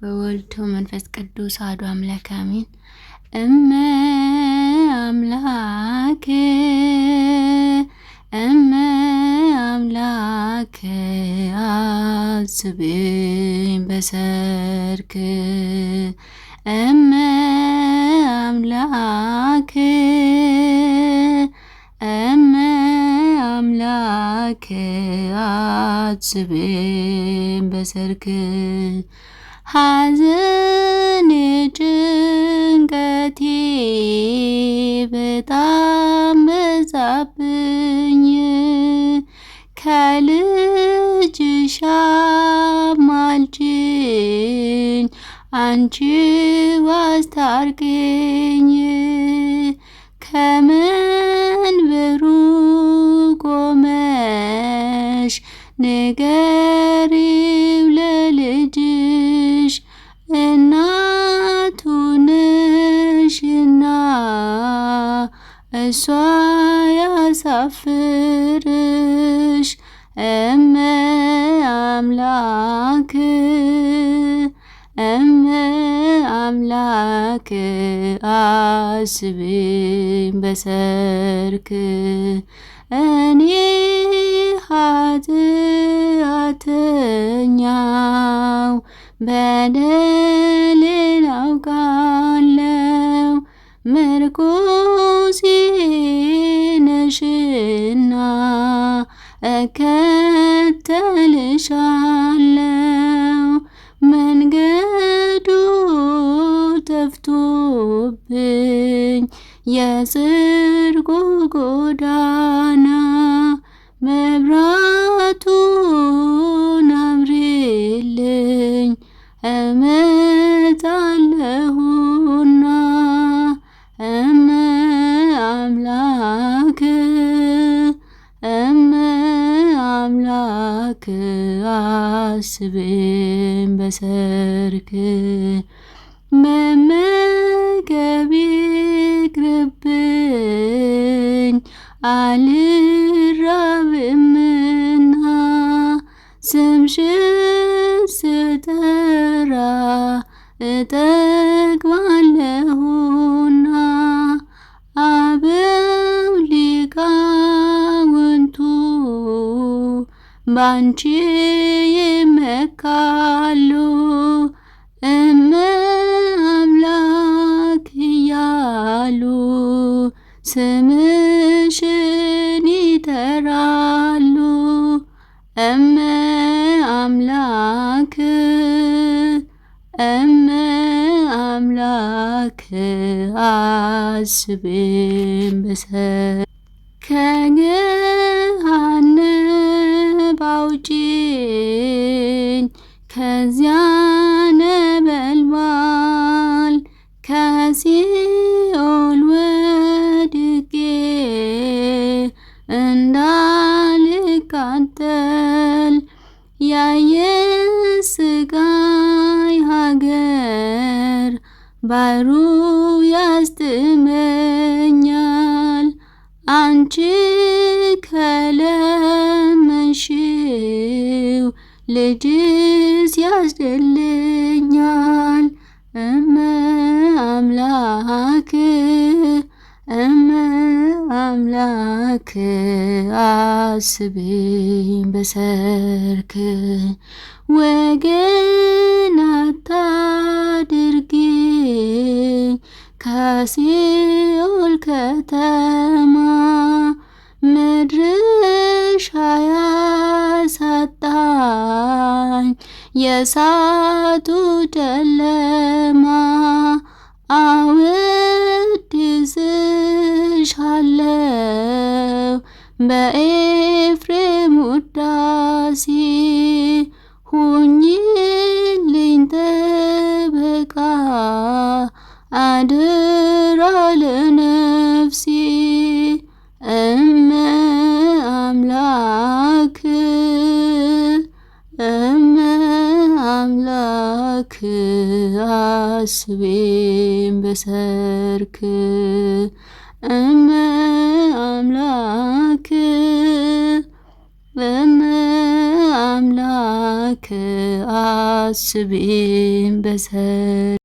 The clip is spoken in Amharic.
በወልድ መንፈስ ቅዱስ አሐዱ አምላክ አሜን። እመ አምላክ እመ አምላክ አስብኝ በሰርክ እመ አምላክ እመ አምላክ አስብኝ በሰርክ ሐዘን ጭንቀቴ በጣም በዛብኝ ከልጅሽ ማልጅኝ አንቺ ዋስታርቅኝ ከመንበሩ ቆመሽ ንገሪ እሷ ያሳፍርሽ እመ አምላክ እመ አምላክ አስብኝ በሰርክ እኔ ኃጢአተኛው በደሌን አውቃለው ምርኩ በጽድቁ ጎዳና መብራቱን አብሪልኝ እመጣለሁና እመ አምላክ እመ አምላክ አስብን በሰርክ መመገብ ይቅርብኝ አልራብምና ስምሽን ስጠራ እጠግባለሁና አበው ሊቃውንቱ ባንቺ ይመካ ስምሽን ይጠራሉ እመ አምላክ እመ አምላክ አስብን በሰ ያየን ስቃይ ሀገር ባሩ ያስጥመኛል። አንቺ ከለመንሽው ልጅስ ያስደልኛል። እመ አምላክ እመ አምላክ አስቤ በሰርክ ወገን አታድርግ ከሲኦል ከተማ መድረሻ ያሳጣኝ የሳቱ ጨለማ አወ በኤፍሬም ውዳሴ ሁኝልኝ ጠበቃ አድራ ለነፍሴ እመ አምላክ እመ አምላክ አስቤም በሰርክ እመ አስብን በሰ